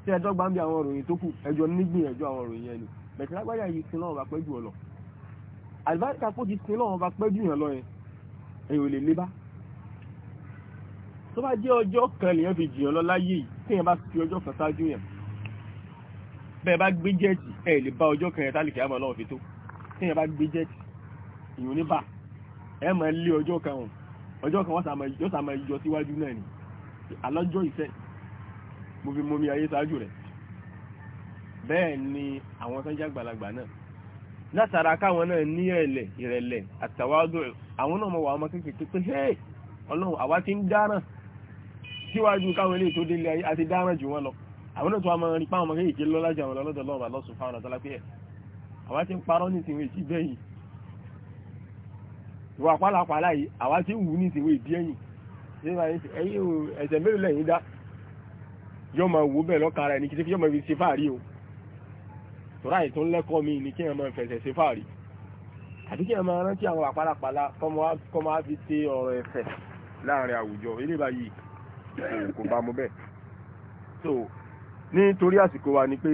tí ẹ dọ́gba ń bí àwọn ìròyìn tó kù ẹjọ́ nígbìyànjú àwọn ìròyìn ẹni bẹ̀tẹ̀ lágbáyà yìí sin náà bá pẹ́ jù ọ lọ àlùbáríkà kó ti sin náà bá pẹ́ jù yàn lọ yẹn ẹ̀yìn ò lè lébá tó bá jẹ́ ọjọ́ kan lèyàn fi jìyàn lọ láyé yìí tí èyàn bá fi ọjọ́ kan ṣáájú yẹn bẹ́ẹ̀ bá gbé jẹ́ẹ̀tì ẹ̀ lè bá ọjọ́ kan yẹn tálìkì àmọ́ ọlọ́run fi tó tí èyàn bá gbé jẹ́ẹ̀tì èyàn oníbà ẹ máa lé ọjọ́ kan hàn ọjọ́ kan yóò sàmà yọ síwájú náà ni alọ́jọ́ ìfẹ́ mo fi momi ayé ṣáájú rẹ̀ bẹ́ẹ̀ ni àwọn sanjá àgbàlagbà náà látara káwọn náà ní ẹ̀lẹ̀ ìrẹ̀lẹ̀ àtàwádùn àwọn náà mọ̀ wà ọmọ kéèkéé pé hey ọlọ́run àwa ti ń dáràn síwájú káwọn ilé tó délé ayé àti dáràn jù wọn lọ àwọn náà tó wà máa rí páwọn ọmọ kéèkéé lọ́lájà wọn lọ́dọ̀ lọ́wọ́ Allah subhanahu wa ta'ala pé ẹ̀ àwa ti ń parọ́ ní ìsìnwé ìtì bẹ́yìn ìwà pálapàla yìí àwa ti ń wù ní ìsìnwé ìdí ẹ̀yìn ẹ̀sẹ̀ mélòó lẹ́yìn dá yóò máa wù bẹ́ẹ̀ lọ́kàrà ẹni kìí yóò máa fi ṣe fáàrí o tòráì tó ń lẹ́kọ́ mi ní kí àti kí ẹ máa rántí àwọn àpárapàla kọ́ máa fi ṣe ọ̀rọ̀ ẹ̀fẹ̀ láàrin àwùjọ ilé báyìí eh, kò bá mu bẹ́ẹ̀ so nítorí àsìkò wa ni pé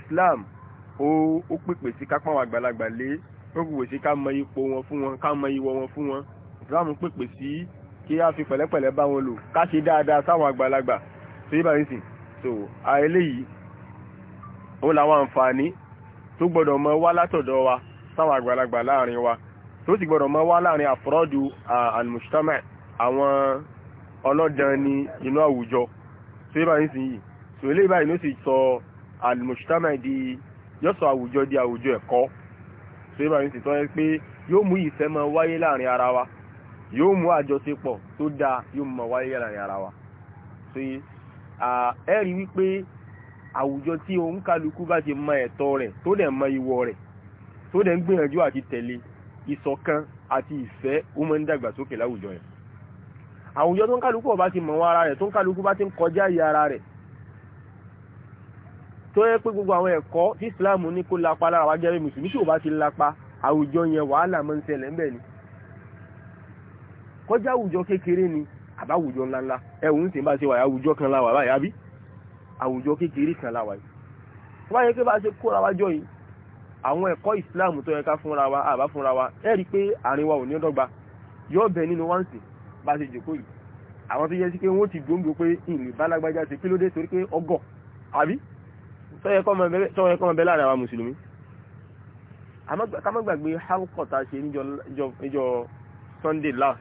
Islam ó ó pèpè sí ká pọ́n àgbàlagbà lé ó pèpè sí ká mọ ipò wọn fún wọn ká mọ ìwọ wọn fún wọn Islam pèpè sí kí a fi pẹ̀lẹ́pẹ̀lẹ́ bá wọn lò ká ṣe dáadáa sáwọn àgbàlagbà tó yí báyìí sìn so àìléyìí ó làwọn àǹfààní tó gbọ́dọ̀ mọ wá látọ̀dọ̀ wa sáwọn àgbàlagbà láàrin wa tó sì gbọ́dọ̀ máa wá láàrin àfọ́rọ́dù àlùmùsítàmà àwọn ọlọ́dàn ní inú àwùjọ tó yẹ báyìí sìn yìí tó ilé báyìí ló sì sọ àlùmùsítàmà di yọ́sọ̀ àwùjọ di àwùjọ ẹ̀kọ́ tó yẹ báyìí sìn tó pé yóò mú ìfẹ́ máa wáyé láàrin ara wa yóò mú àjọṣepọ̀ tó dáa yóò máa wáyé láàrin ara wa tó yẹ ẹ̀rí wípé àwùjọ tí òun kálukú bá ti mọ ẹ̀tọ́ rẹ̀ tó dẹ̀ mọ ìwọ rẹ̀ tó dẹ̀ ń gbìyànjú àti tẹ̀lé ìṣọ̀kan àti ìfẹ́ ó máa ń dàgbàsókè láwùjọ yẹn àwùjọ tó ń kálukú ọba ti mọ̀ wọn ara rẹ̀ tó ń kálukú bá ti ń kọjá ìyá ara rẹ̀ tó yẹ pé gbogbo àwọn ẹ̀kọ́ tí Islam ní kó lapa lára wa gẹ́gẹ́ mùsùlùmí tí ò bá ti lapa àwùjọ yẹn wàhálà máa ń ṣẹlẹ̀ ń bẹ̀ ni kọjá àwùjọ kékeré ni àbáwùjọ ńláńlá ẹ̀wùn tí ń bá ṣe wà àwùjọ kan láwà báyìí àbí àwùjọ kékeré kan láwà yìí tó bá yẹ pé bá ṣe kóra wájọ yìí àwọn ẹ̀kọ́ islam tó yẹ ká fúnra wa àbá fúnra wa ẹ rí i pé àárín wa ò ní dọ́gba yóò bẹ nínú wáǹsì bá ṣe jòkó yìí àwọn tó yẹ sí pé wọ́n ti gbòǹgbò pé ìrìn bálágbájá ṣe kí torí pé ọgọ̀ àbí tó yẹ kọ́ mọ bẹ mùsùlùmí sunday last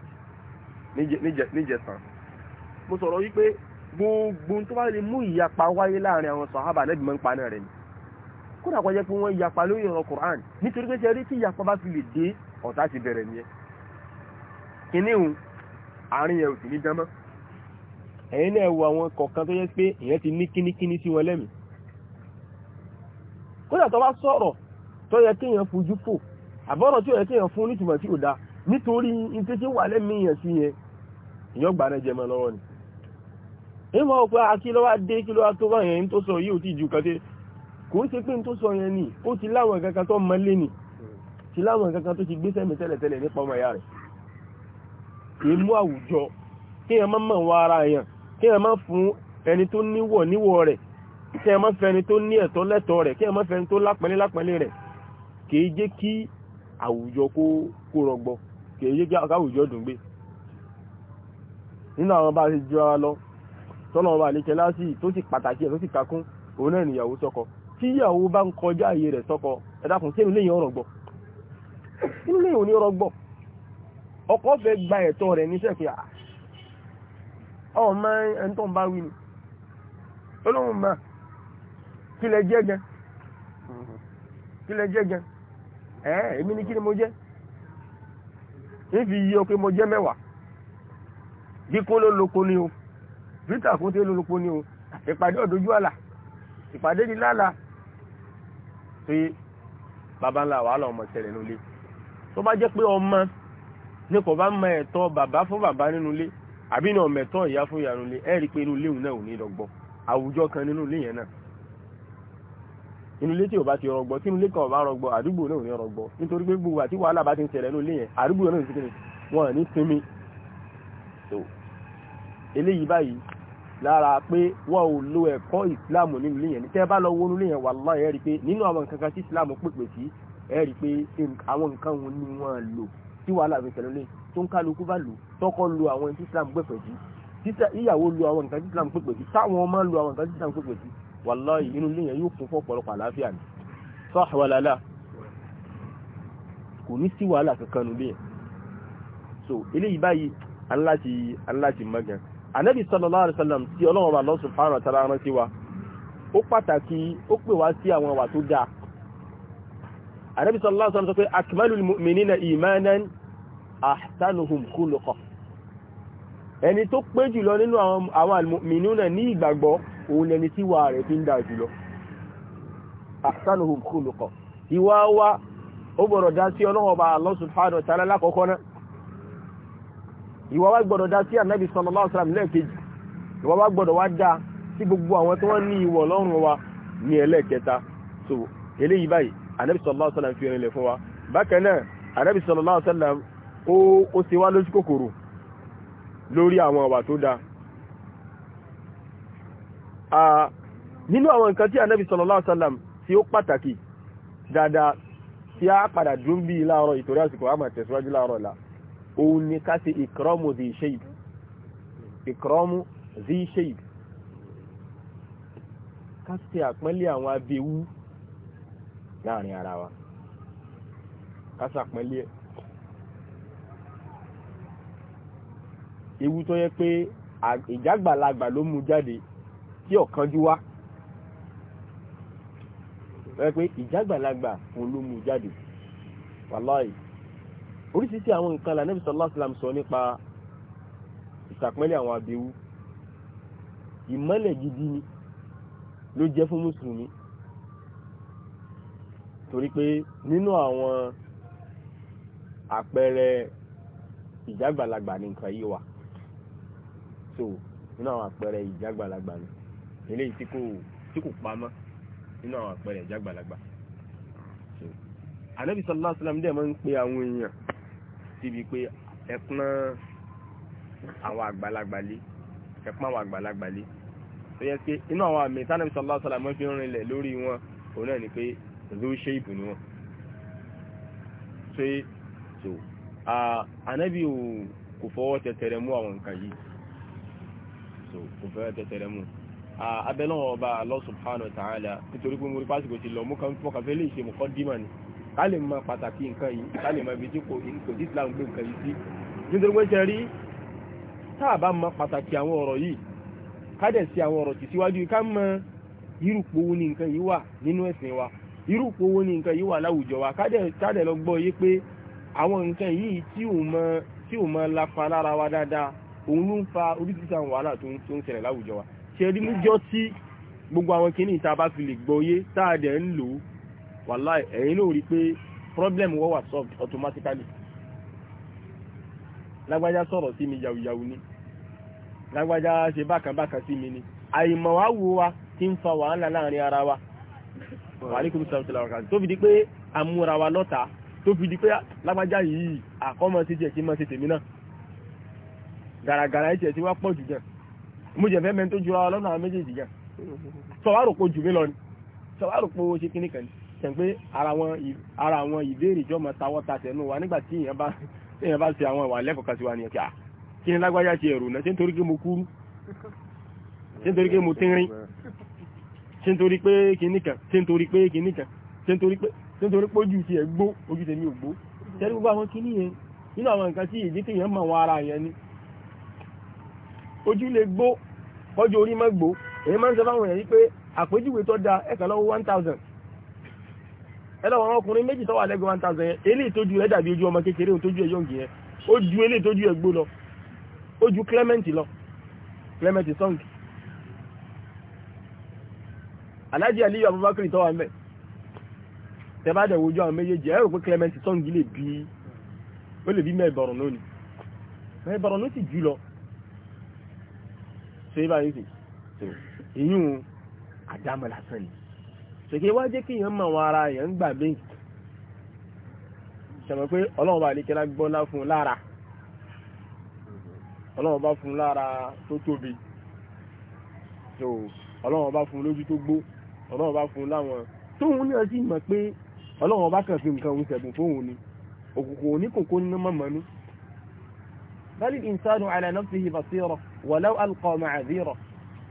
níjẹsàn mo sọ̀rọ̀ wípé gbogbo tó bá lè mú ìyapa wáyé láàrin àwọn sàhábà lẹ́bi mọ́ ń pa náà kódà kó jẹ́ pé wọ́n yapa lórí ọ̀rọ̀ Qur'an nítorí pé ṣe rí tí yapa bá fi lè dé ọ̀tá ti bẹ̀rẹ̀ nìyẹn kíní òun àárín yẹn ò sì ní jámọ́ ẹ̀yin náà wo àwọn kọ̀ọ̀kan tó jẹ́ pé ìyẹn ti ní kíníkíní sí wọn lẹ́mìí kódà tó bá sọ̀rọ̀ tó yẹ kéèyàn fojú fò àbọ̀rọ̀ tó yẹ kéèyàn fún nítumọ̀ tí ò da nítorí ife tí wà lẹ́mìí ìwọ̀n òpin àkílọ́wà dé kílọ́wà tó bá yẹn tó sọ yìí tí ju kan kò ń ṣe pé n tó sọ yẹn ni ó ti láwọn kankan tó mọ lé ni ti láwọn kankan tó ti gbé sẹ́mi tẹ́lẹ̀tẹ́lẹ̀ nípa ọmọ ìyá rẹ̀ kì í mú àwùjọ kí ẹ má mọ̀ wọ ara èèyàn kí ẹ má fún ẹni tó níwọ̀ níwọ̀ rẹ̀ kí ẹ má fẹ́ ẹni tó ní ẹ̀tọ́ lẹ́tọ́ rẹ̀ kí ẹ má fẹ́ tó lápẹ́lẹ́ lápẹ́lẹ́ rẹ̀ kì jẹ́ kí àwùjọ kó rọgbọ kì jẹ́ kí àwùjọ dùn gbé nínú àwọn bá ti jọ ara lọ tọ́lọ́wọ́ bá lè kẹ láti tó sì pàtàkì ẹ̀ tó sì kakún òun náà nìyàwó sọ́kọ tíyàwó bá ń kọjá àyè rẹ̀ sọ́kọ ẹ dákun sínú lẹ́yìn ọ̀rọ̀ gbọ́ inú lẹ́yìn gbọ́ ọkọ fẹ́ gba ẹ̀tọ́ rẹ̀ ní sẹ́fì à ah, ọmọ ẹni tó ń bá wí ni olóhùn máa kílẹ̀ jẹ́ gan kílẹ̀ jẹ́ gan ẹ̀ èmi ni kí ni mo jẹ́ nífi yí ọ pé mo jẹ́ mẹ́wàá díkó ló lóko o ìpàdé ọ̀dọ́jú àlà ìpàdé ní lálàá pé baba ńlá wàhálà ọmọ ṣẹlẹ̀ nínú ilé tó bá jẹ́ pé ọmọ ní kò bá mọ ẹ̀tọ́ bàbá fún bàbá nínú ilé àbí ní ọmọ ẹ̀tọ́ ìyá fún ìyá nínú ilé ẹ̀ rí pé inú ilé òun náà ò ní lọ́gbọ́ àwùjọ kan nínú ilé yẹn náà inú ilé tí ò bá ti rọgbọ tí inú ilé kan ò bá rọgbọ àdúgbò náà ò ní rọgbọ nítorí pé gbogbo àti wàhálà bá ti ń ṣẹlẹ̀ nínú ilé yẹn lára pé wọn ò lo ẹ̀kọ́ ìsìláàmù nínú ilé yẹn ní tẹ́ bá lọ wọnú ilé yẹn wàláhì ẹ rí pé nínú àwọn nǹkan kan tí ìsìláàmù pèpè sí ẹ rí pé àwọn nǹkan wọn ni wọ́n lò tí wàhálà fi tẹ̀lé lé tó ń kálukú bá lò tọkọ lo àwọn tí ìsìláàmù pèpè sí ìyàwó lo àwọn nǹkan tí ìsìláàmù pèpè sí táwọn ọmọ lo àwọn nǹkan tí ìsìláàmù pèpè sí wàláhì inú ilé yẹn yóò kún fún ọ̀pọ̀lọpọ̀ àlàáfíà ni sọ́ọ̀hì wàlálà kò ní sí wàhálà kankan nulẹ̀ so eléyìí báyìí aláti aláti ànábì sallallahu alaihi wasallam tí ọlọ́run Allah subhanahu wa ta'ala rán sí wa ó pàtàkì ó pè wá sí àwọn ìwà tó dáa ànábì sallallahu alaihi wasallam sọ pé akmalul mu'minina imanan ahsanuhum khuluqa ẹni tó pé jùlọ nínú àwọn almu'minuna ní ìgbàgbọ́ òun lẹni tí wà rẹ̀ fi ń dáa jùlọ ahsanuhum khuluqa ìwà wa ó gbọ́dọ̀ dá sí ọlọ́run Allah subhanahu wa ta'ala lákọ̀ọ́kọ́ náà ìwà wa gbọ́dọ̀ dá sí ànábì sallallahu alaihi wasallam lẹ́ẹ̀kejì ìwà wa gbọ́dọ̀ wá dá sí gbogbo àwọn tí wọ́n ní ìwọ̀ lọ́rùn wa ní ẹlẹ́ẹ̀kẹta so eléyìí báyìí ànábì sallallahu alaihi wasallam fi rinlẹ̀ fún wa bákan náà ànábì sallallahu alaihi wasallam ó ó ṣe wá lójú kòkòrò lórí àwọn ọ̀wà tó dáa nínú àwọn nǹkan a padà dùn bí láàárọ̀ ìtòrí àsìkò la òun ni ká sí ìkọ́mù dì ṣeib ìkọ́mù dì ṣeib ká sí àpẹ́lẹ̀ àwọn abẹ́wú láàrin ara wa ká sàpẹ́lẹ̀ ewu tó yẹ pé ìjágbàlagbà ló mú jáde tí ọ̀kanjú wá pé ìjágbàlagbà òun ló mú jáde wàláì oríṣiríṣi àwọn nǹkan la nẹ́bí sọlá islam sọ nípa ìsàpẹ́lẹ̀ àwọn abẹ́wú ìmọ́lẹ̀ gidi ni ló jẹ́ fún mùsùlùmí torí pé nínú àwọn àpẹẹrẹ ìjágbàlagbà ní nǹkan yìí so nínú àwọn àpẹẹrẹ ìjágbàlagbà ni eléyìí tí kò tí kò pamọ́ nínú àwọn àpẹẹrẹ ìjágbàlagbà so anabi sallallahu alaihi wasallam dẹ̀ máa ń àwọn èèyàn síbi pé ẹpọn àwọn àgbàlagbà lé ẹpọn àwọn àgbàlagbà lé tó yẹ pé inú àwọn àmì tánàbí sọlá sọlá mọ́ fi rinlẹ̀ lórí wọn òun náà ni pé zoṣe ìbù ni wọn ṣe so ànábì kò fọwọ́ tẹ̀tẹ̀rẹ̀ mú àwọn nǹkan yìí so kò fọwọ́ tẹ̀tẹ̀rẹ̀ mú abẹ́lọ́wọ́ ọba Allah subhanahu wa ta'ala nítorí pé mo rí pásìkò ti lọ mú kan fẹ́ lè ṣe mọ̀kọ́ dímà ni ká lè mọ pàtàkì nǹkan yìí ká lè mọ ibi tí kò kò sí islam gbé nǹkan yìí sí nítorí pé ṣe rí tá a bá mọ pàtàkì àwọn ọ̀rọ̀ yìí ká dẹ̀ sí àwọn ọ̀rọ̀ tì síwájú ká mọ irúpò wo ni nǹkan yìí wà nínú ẹ̀sìn wa irúpò wo ni nǹkan yìí wà láwùjọ wa ká dẹ̀ ká dẹ̀ lọ gbọ́ yé pé àwọn nǹkan yìí tí ò mọ lapa lára wa dáadáa òun ló ń fa oríṣiríṣi àwọn wàhálà tó ń ṣẹlẹ̀ láwùjọ wa ṣe rí níjọ́ tí gbogbo àwọn kìíní tá bá fi lè gbọ́ yé tá a dẹ̀ ń lò ó wàláì ẹ̀yin ló rí pé problem wọ́n wà solved automatically lágbájá sọ̀rọ̀ sí mi yàwùyàwù ni lágbájá ṣe bákanbákan sí mi ni àìmọ̀ wá wo wa tí ń fa wàhálà láàrin ara wa wàhálìkùn sọ̀rọ̀tìlà ọ̀kà tó fi di pé àmúra wa lọ́ta tó fi di pé lágbájá yìí àkọ́mọ̀ sí jẹ́ kí mọ́ sí tèmi náà gàràgàrà ẹ̀jẹ̀ tí wá pọ̀ jù gan mo jẹ̀ fẹ́ mẹ́ni tó jura wa lọ́nà àwọn sẹ́ńpé ara àwọn ìbéèrè ìjọ́mọ̀ tawọ́ ta tẹ̀nu wa nígbà tí èèyàn bá èèyàn bá ṣe àwọn ìwà lẹ́kọ̀ọ́ sí wa ní ẹ̀kẹ́ à kí ni lágbájá ṣe ẹ̀rù náà ṣé nítorí pé mo kúrú ṣé nítorí pé mo tínrín ṣé nítorí pé kinní kan ṣé nítorí pé kinní kan ṣé nítorí pé ṣé nítorí pé ojú ti ẹ̀ gbó ojú tèmi ni ojú lè gbó kọjú orí mọ́ gbó èyí máa ń sọ fáwọn èèyàn pé àpèjúwe tó da ẹ̀kan lọ́wọ́ one thousand ẹlọ́wọ̀n ọkùnrin méjì tó wà lẹ́gbẹ̀ẹ́ one thousand yẹn eléyìí tójú rẹ̀ dàbí ojú ọmọ kékeré òun tójú ẹ̀ yọ̀ǹgì yẹn ó ju eléyìí tójú ẹ̀ gbó lọ ó ju Clement lọ Clement song Alhaji Aliyu Abubakar tó wà ń bẹ̀ tẹ́bàdẹ̀ wojú àwọn méjèèjì ẹ̀rọ pé Clement song lè bí ó lè bí mẹ́ẹ̀bọ̀rọ̀ lónìí mẹ́ẹ̀bọ̀rọ̀ ló sì jù lọ ṣe é báyìí sí ìyún àdámọ́ lásán ṣèké wá jẹ́ kí èèyàn mọ̀ wọn ara èèyàn ń gbà mí ṣàmọ̀ pé ọlọ́run bá àlékẹ́lá gbọ́nlá fún un lára ọlọ́run bá fún un lára tó tóbi so ọlọ́run bá fún un lójú tó gbó ọlọ́run fún láwọn tóun náà sì mọ̀ pé ọlọ́run kàn fi nǹkan òun ṣẹ̀bùn fóun ni òkùnkùn oníkòkó nínú mọ̀mọ́nú bal al-insanu ala nafsihi basira walau alqa ma'azira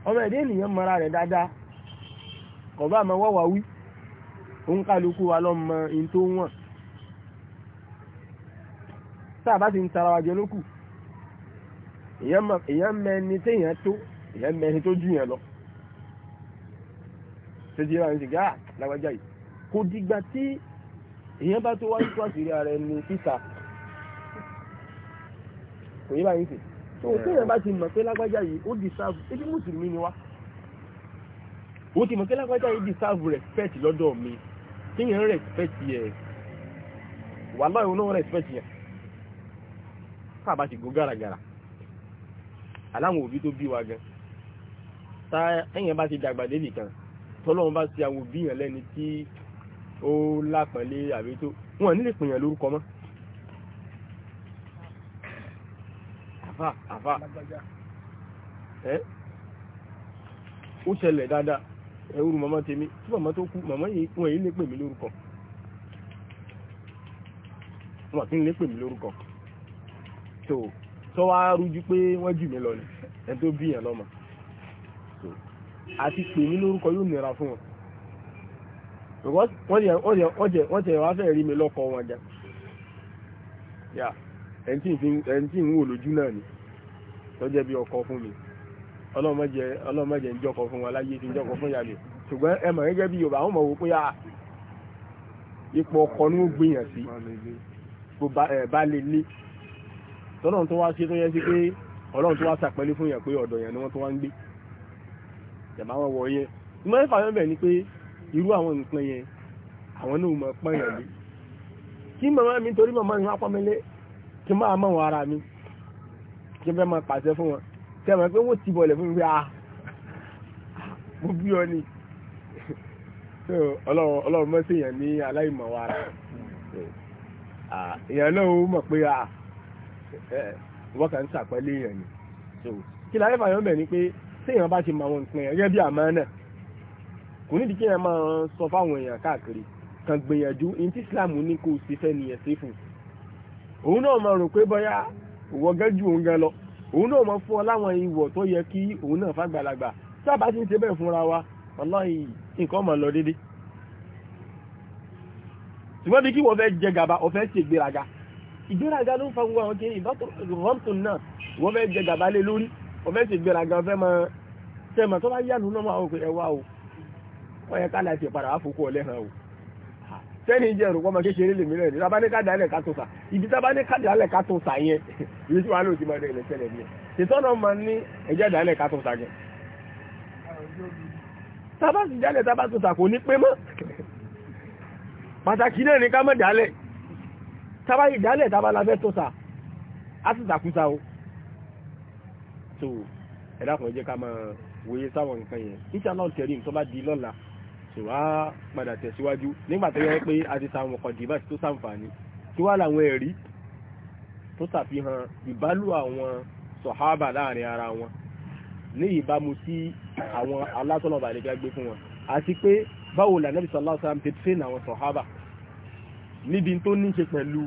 ọmọ ẹ̀dẹ́ ènìyàn mara rẹ̀ dáadáa kọ̀bá àmọ́ wọ́wà wí òun kálukú wa lọ mọ in tó wọ̀n tá a bá ti ń tara wa jẹ lókù èèyàn mẹni téèyàn tó èèyàn mẹni tó jù yẹn lọ tó ti yẹ wà ní sìgá lágbájá yìí kò dìgbà tí èèyàn bá tó wáyé tó àṣírí ara ẹni síta kò yẹ báyìí sí tó kéèyàn bá ti mọ̀ pé lágbájá yìí ó dì sáàbù ebi mùsùlùmí ni wá ó ti mọ̀ kí lápájá yìí deserve respect lọ́dọ̀ mi kí yẹn respect yẹ wàláhì òun náà respect yẹ káàbá ti gún gàràgàrà aláwọn òbí tó bí wa gan tá ẹ̀yìn bá ti dàgbà débì kan tọ́lọ́run bá ti àwọn òbí yẹn lẹ́ni tí ó lápẹ̀lé àbí tó wọn nílé pèèyàn lórúkọ mọ́ àfà àfà ẹ́ ó ṣẹlẹ̀ dáadáa ẹwúrú màmá tèmi tí màmá tó kú màmá yìí wọn èyí lè pè mí lórúkọ wọn kì í lè pè mí lórúkọ tó tó wá rújú pé wọ́n jù mí lọ ni ẹ tó bí yẹn lọ́mọ àti pè mí lórúkọ yóò nira fún wọn because wọ́n tẹ̀ wá fẹ́ rí mi lọ́kọ wọn jà yà ẹni tí ń wò lójú náà ni tó jẹ́ bí ọkọ fún mi ọlọ́mọdé ń jọkọ̀ fún wa láyé ti ń jọkọ̀ fún yàrá ṣùgbọ́n ẹ mọ̀ gẹ́gẹ́ bí yorùbá àwọn ọmọ wò pé ah, ipò ọkọ̀ ní ó gbìyàn sí bá lè lé tọ́lọ́run tó wá sí tó yẹ sí pé ọlọ́run tó wá sàpẹ́lé fún yàn pé ọ̀dọ̀ yẹn ni wọ́n tó wá ń gbé jàmbá wọn wọ yẹn ìmọ̀ ẹ̀fà yẹn bẹ̀ ni pé irú àwọn nǹkan yẹn àwọn náà mọ̀ pọ́n yàn lé kí màmá mi torí màmá mi wá pọ́n mi lé kí máa mọ̀ wọn ara mi kí n fẹ́ máa pàṣẹ fún wọn tẹ́ mọ̀ pé wọ́n ti bọ̀lẹ̀ fún mi pé ah, mo bí ọ ni ọlọ́run mọ́ sí èèyàn ní aláìmọ̀ wa ah, èèyàn náà ó mọ̀ pé ah wọ́n kàn ń sàpẹ́lé èèyàn ni kí láyé fàyọ̀ bẹ̀ ni pé téèyàn bá ti mọ àwọn nǹkan yẹn gẹ́gẹ́ bí àmọ́ náà kò nídìí kí èèyàn máa sọ fáwọn èèyàn káàkiri kan òun náà mọ fún ọ láwọn ìwọ̀ tó yẹ kí òun náà fàgbàlagbà sábà ti ń ṣe bẹ́ẹ̀ fúnra wa ọlọ́yì nǹkan mọ̀ lọ dédé ṣùgbọ́n bí kí wọ́n fẹ́ jẹ gàba ọ fẹ́ ṣe ìgbéraga ìgbéraga ló ń fa gbogbo àwọn kí ìbátòrọ̀mtò náà wọ́n fẹ́ jẹ gàba o wọ́n yẹ ká láti padà wá tẹ́ni jẹ́ òrùpọ̀ ọmọ kékeré lèmi rẹ̀ nígbà bá ní káàdì alẹ̀ kátó sà ibi tá bá ní káàdì alẹ̀ kátó sà yẹn ibi tí wàá lò ti máa dẹ̀ lẹ́sẹ̀ lẹ́bi ẹ̀ ṣètọ́nà máa ní ẹ̀jẹ̀ àdá alẹ̀ kátó sà gẹ̀. tábà sì jálẹ̀ tábà tó sà kò ní pé mọ́ pàtàkì náà ní ká mọ̀ dálẹ̀ tábà yìí dálẹ̀ tábà la fẹ́ tó sà á sì sàkúsà o tó ẹ̀dá kan jẹ́ ká máa wòye sáwọn nǹkan yẹn tí wàá padà tẹ̀síwájú nígbà tó yẹ pé a ti sàwọn kọ̀dìbà tó sàǹfààní tí wàá làwọn ẹ̀rí tó ṣàfihàn ìbálò àwọn sọ̀hábà láàrin ara wọn ní ìbámu sí àwọn alásọ̀nà bàlẹ́gà gbé fún wọn àti pé báwo lànàbì sallallahu alaihi wasallam ti tẹ́nà àwọn sọ̀hábà níbi tó ní ṣe pẹ̀lú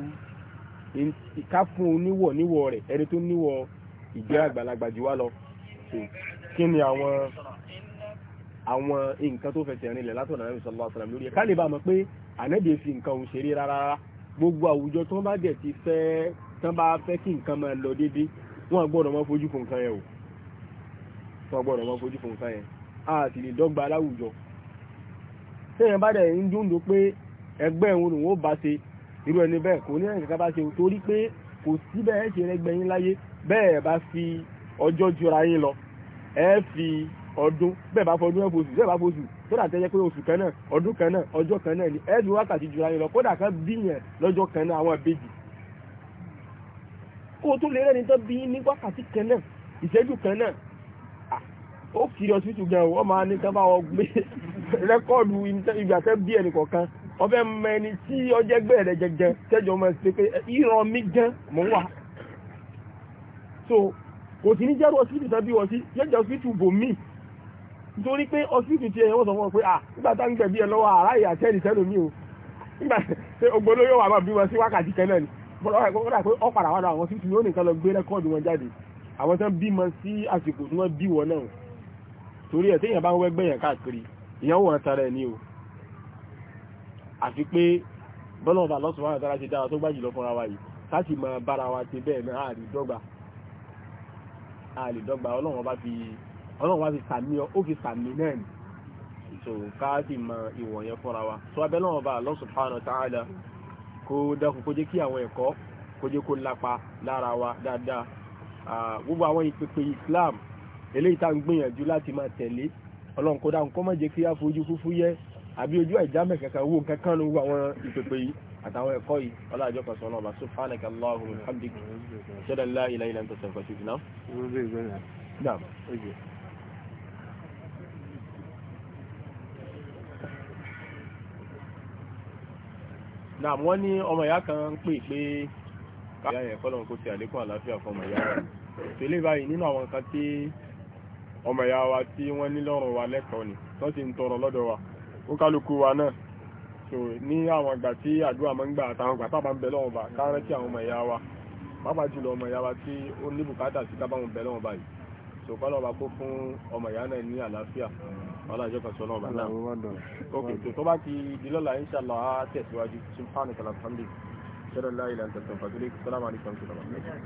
ìká fún oníwọ̀ níwọ̀ rẹ̀ ẹni tó níwọ̀ ìgbé àgbàlagbà jù wá lọ kí ni àwọn àwọn nǹkan tó fẹsẹ̀ rinlẹ̀ látọ̀nà ànábì sallallahu alaihi wasallam lórí ẹ̀ ká lè bá mọ̀ pé ànábì fi nǹkan òun ṣeré rárá gbogbo àwùjọ tó bá dẹ̀ ti fẹ́ tán bá fẹ́ kí nǹkan máa lọ déédéé wọn gbọ́dọ̀ mọ́ fojú fún nǹkan yẹn o wọn gbọ́dọ̀ mọ́ fojú fún nǹkan yẹn a sì lè dọ́gba aláwùjọ tẹ́yìn bá dẹ̀ ń dúndùn pé ẹgbẹ́ òun lòun ó bá ṣe irú ẹni bẹ́ẹ̀ kò ní ẹ̀ǹkan bá ṣe torí pé kò sí bẹ́ẹ̀ ṣe rẹ́gbẹ́ láyé bẹ́ẹ̀ bá fi ọjọ́ jura yín lọ ẹ fi ọdún bẹ́ẹ̀ bá fọdún ẹ̀fọ́ oṣù bẹ́ẹ̀ bá fọṣù tó dà tẹ́jẹ́ pé oṣù kan náà ọdún kan náà ọjọ́ kan náà ni ẹ̀ẹ́dì wákàtí jura yín lọ kódà kan bí yẹn lọ́jọ́ kan náà àwọn ìbejì kó o tó lè rẹ́ni tán bí ní wákàtí kan náà ìṣẹ́jú kan náà ó kiri ọsibítù gan wọ́n máa ní sábà wọ́n gbé rẹ́kọ́ọ̀dù ìgbà tẹ́ bí ẹnì kọ̀ọ̀kan ọbẹ̀ mọ ẹni tí ọjẹ́ gbẹ̀rẹ̀ jẹjẹ tẹ́jọ mọ̀ sí pé ìran mi gan mọ̀ wà so kò sí ní jẹ́rú ọsibítù tán bí wọ́n sí jẹ́jọ ọsibítù bò míì nítorí pé ọsibítù tí ẹ̀yẹ́wò sọ fún ọ pé à ah, nígbà tá ń gbẹ̀bí ẹ lọ́wọ́ àrá ìyá tẹ́lì tẹ́lómi o nígbà tí ògbóló yóò wà máa bí wọn sí wákàtí kẹ́lẹ́ ni bọ́lá pé ọ padà wà lọ àwọn síbi yóò nìkan lọ gbé rẹ́kọ́ọ̀dù wọn jáde àwọn tán bímọ sí àsìkò tí wọ́n bí wọn náà torí ẹ̀ téèyàn bá ń wẹ́gbẹ́ yẹn káàkiri ìyẹn wọn tara ẹ̀ ní o àfi pé bọ́lá ọba lọ́sùn ọlọ́run wá fi sàmì ọ fi sàmì náà ni so káàdì mọ ìwọ̀n yẹn fúnra wa so abẹ́ náà bá Allah subhanahu wa ta'ala kó dákun kó jẹ́ kí àwọn ẹ̀kọ́ kó jẹ́ kó lápa lára wa dáadáa gbogbo àwọn ìpèpè Islam eléyìí tá ń gbìyànjú láti máa tẹ̀lé ọlọ́run kó dákun kó má jẹ́ kí á fojú fúfú yẹ àbí ojú àìjámẹ̀ kankan wo nǹkan ló wọ àwọn ìpèpè yìí àtàwọn ẹ̀kọ́ yìí ọlọ́àjọ kan sọ ọlọ́ọ̀bà subhanaka Allahumma wa bihamdika ṣẹ́dá ńlá ìlà ìlà ń tọ̀sẹ̀ fẹ́ ṣùgbọ́n. náà wọ́n ní ọmọ ìyá kan ń pè pé káyà yẹn kọ́lọ̀ kó ti àlékún àlàáfíà fún ọmọ ìyá wa tẹ́lẹ̀ báyìí nínú àwọn nǹkan tí ọmọ ìyá wa tí wọ́n ní lọ́rùn wa lẹ́kọ̀ọ́ ni tó ti ń tọrọ lọ́dọ̀ wa ó kálukú wa náà so ní àwọn ìgbà tí àdúrà máa ń gbà àtàwọn ìgbà tábà ń bẹ lọ́wọ́ bá kárẹ́ àwọn ọmọ ìyá wa pàápàá jùlọ ọmọ ìyá wa tí ó ní bùkátà sí tábà ń bẹ lọ́wọ́ báyìí so kọ́lọ̀ wa kó fún ọmọ ìyá náà ní àlàáfíà ọlọ́jọ́ kan sọ́lọ́ ọba náà ok tó bá ti di lọ́la inṣàlá á tẹ̀síwájú subhanahu wa ta'ala alhamdulilayi ṣẹlẹ̀ láyé lantẹ̀ tó fàtúlẹ̀ sálámà ní